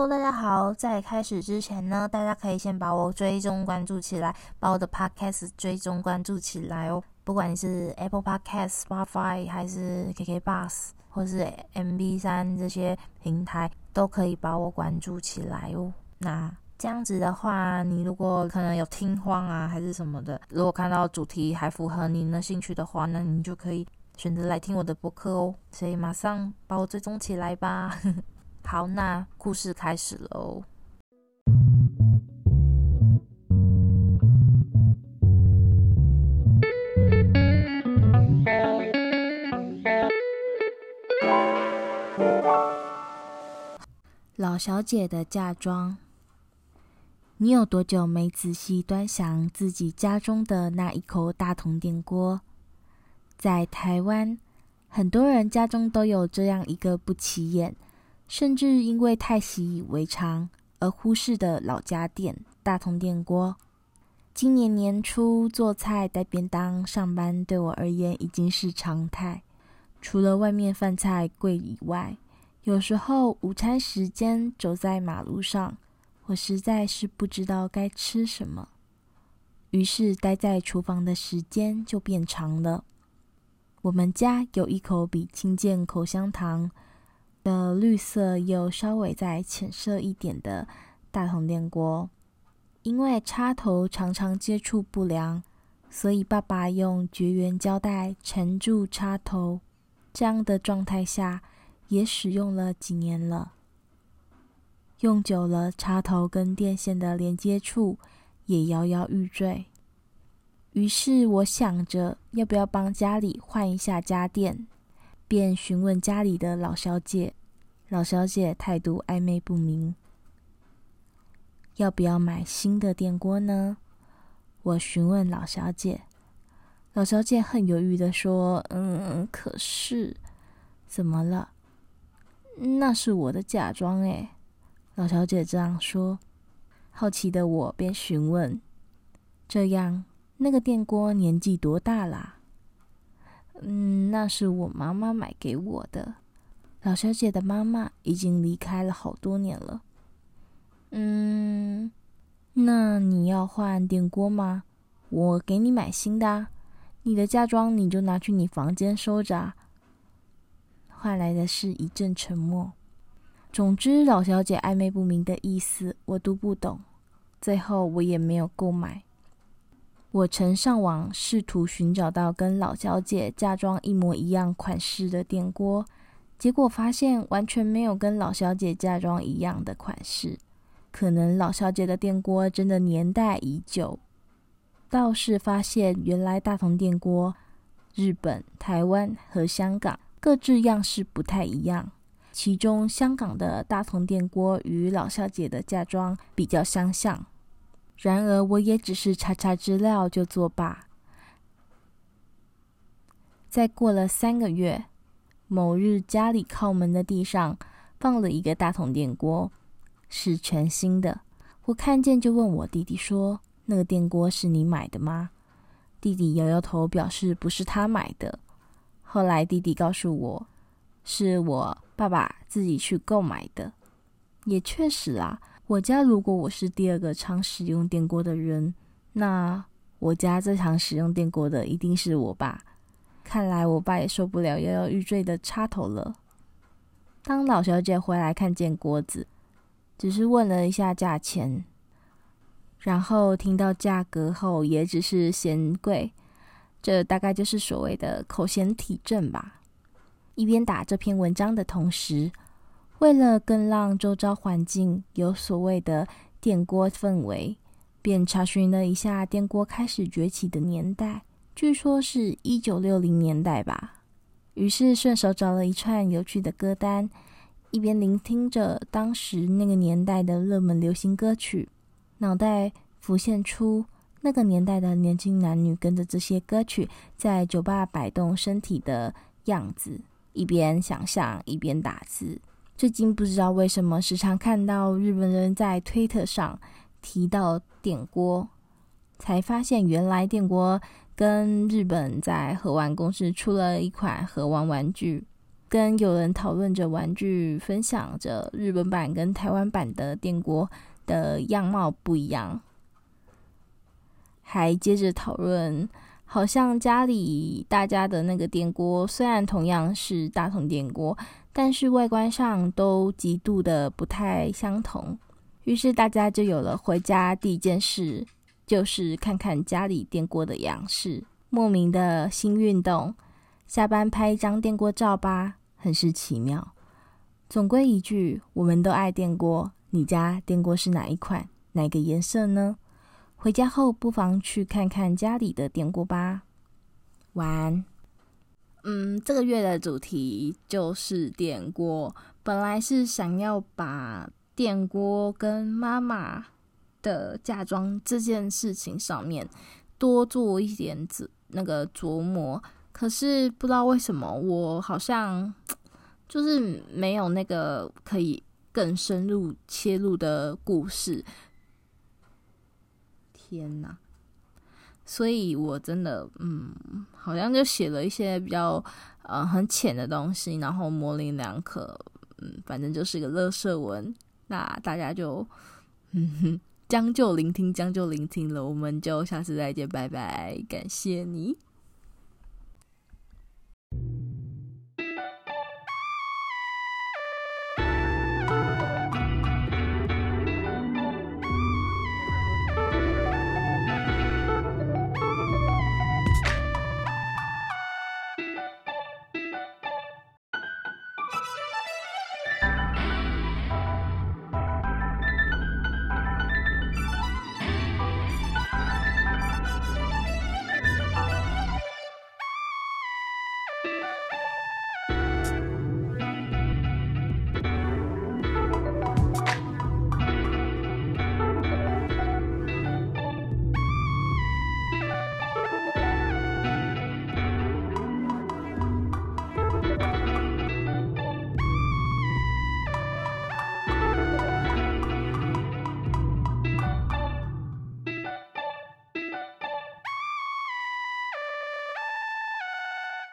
哈嘍，大家好，在開始之前呢，大家可以先把我追蹤關注起來，把我的 podcast 追蹤關注起來哦。不管你是 Apple Podcast、Spotify 還是 KKBOX 或是 MB 三這些平台，都可以把我關注起來哦。那這樣子的話，你如果可能有聽荒啊，還是什麼的，如果看到主題還符合你的興趣的話，那你就可以選擇來聽我的播客哦。所以馬上把我追蹤起來吧。 好，那故事開始嘍。老小姐的嫁妝，你有多久沒仔細端詳自己家中的那一口大同電鍋？在台灣，很多人家中都有這樣一個不起眼。甚至因為太習以為常而忽視的老家電大同電鍋。今年年初做菜帶便當上班，對我而言已經是常態。除了外面飯菜貴以外，有時候午餐時間走在馬路上，我實在是不知道該吃什麼，於是待在廚房的時間就變長了。我們家有一口比青箭口香糖。的綠色又稍微再淺色一點的大同電鍋，因為插頭常常接觸不良，所以爸爸用絕緣膠帶纏住插頭。這樣的狀態下也使用了幾年了，用久了插頭跟電線的連接處也搖搖欲墜。於是我想着要不要幫家裡換一下家電。便詢問家裡的老小姐，老小姐態度曖昧不明。要不要買新的電鍋呢？我詢問老小姐，老小姐很猶豫的說：“嗯，可是……怎麼了？那是我的嫁妝哎。”老小姐這樣說。好奇的我便詢問：“這樣，那個電鍋年紀多大啦？”嗯，那是我媽媽買給我的。老小姐的媽媽已經離開了好多年了。嗯，那你要換電鍋嗎？我給你買新的啊。你的嫁妝你就拿去你房間收着啊。換來的是一陣沉默。總之，老小姐曖昧不明的意思我都不懂。最後，我也沒有購買。我曾上網試圖尋找到跟老小姐嫁妝一模一樣款式的電鍋，結果發現完全沒有跟老小姐嫁妝一樣的款式。可能老小姐的電鍋真的年代已久。倒是發現原來大同電鍋，日本、台灣和香港各自樣式不太一樣，其中香港的大同電鍋與老小姐的嫁妝比較相像。然而，我也只是查查資料就作罷。再過了三個月，某日家裡靠門的地上放了一個大同電鍋，是全新的。我看見就問我弟弟說：“那個電鍋是你買的嗎？”弟弟搖搖頭，表示不是他買的。後來弟弟告訴我，是我爸爸自己去購買的。也確實啊。我家如果我是第二個常使用電鍋的人，那我家最常使用電鍋的一定是我爸。看來我爸也受不了搖搖欲墜的插頭了。當老小姐回來，看見鍋子，只是問了一下價錢，然後聽到價格後，也只是嫌貴。這大概就是所謂的口嫌體正吧。一邊打這篇文章的同時。為了更讓周遭環境有所謂的電鍋氛圍，便查詢了一下電鍋開始崛起的年代，據說是一九六零年代吧。於是順手找了一串有趣的歌單，一邊聆聽着當時那個年代的熱門流行歌曲，腦袋浮現出那個年代的年輕男女跟着這些歌曲在酒吧擺動身體的樣子，一邊想象，一邊打字。最近不知道為什麼時常看到日本人在推特上提到電鍋，才發現原來電鍋跟日本在和玩公司出了一款和玩玩具，跟有人討論着玩具，分享着日本版跟台灣版的電鍋的樣貌不一樣，還接着討論。好像家裡大家的那個電鍋，雖然同樣是大同電鍋，但是外觀上都極度的不太相同。於是大家就有了回家第一件事，就是看看家裡電鍋的樣式，莫名的新運動。下班拍一張電鍋照吧，很是奇妙。總歸一句，我們都愛電鍋。你家電鍋是哪一款，哪個顏色呢？回家後，不妨去看看家裡的電鍋吧。晚安。嗯，這個月的主題就是電鍋。本來是想要把電鍋跟媽媽的嫁妝這件事情上面多做一點子那個琢磨，可是不知道為什麼，我好像就是沒有那個可以更深入切入的故事。天吶，所以我真的，嗯，好像就寫了一些比較，呃，很淺的東西，然後模稜兩可，嗯，反正就是一個垃圾文，那大家就，嗯，將就聆聽，將就聆聽了，我們就下次再見，拜拜，感謝你。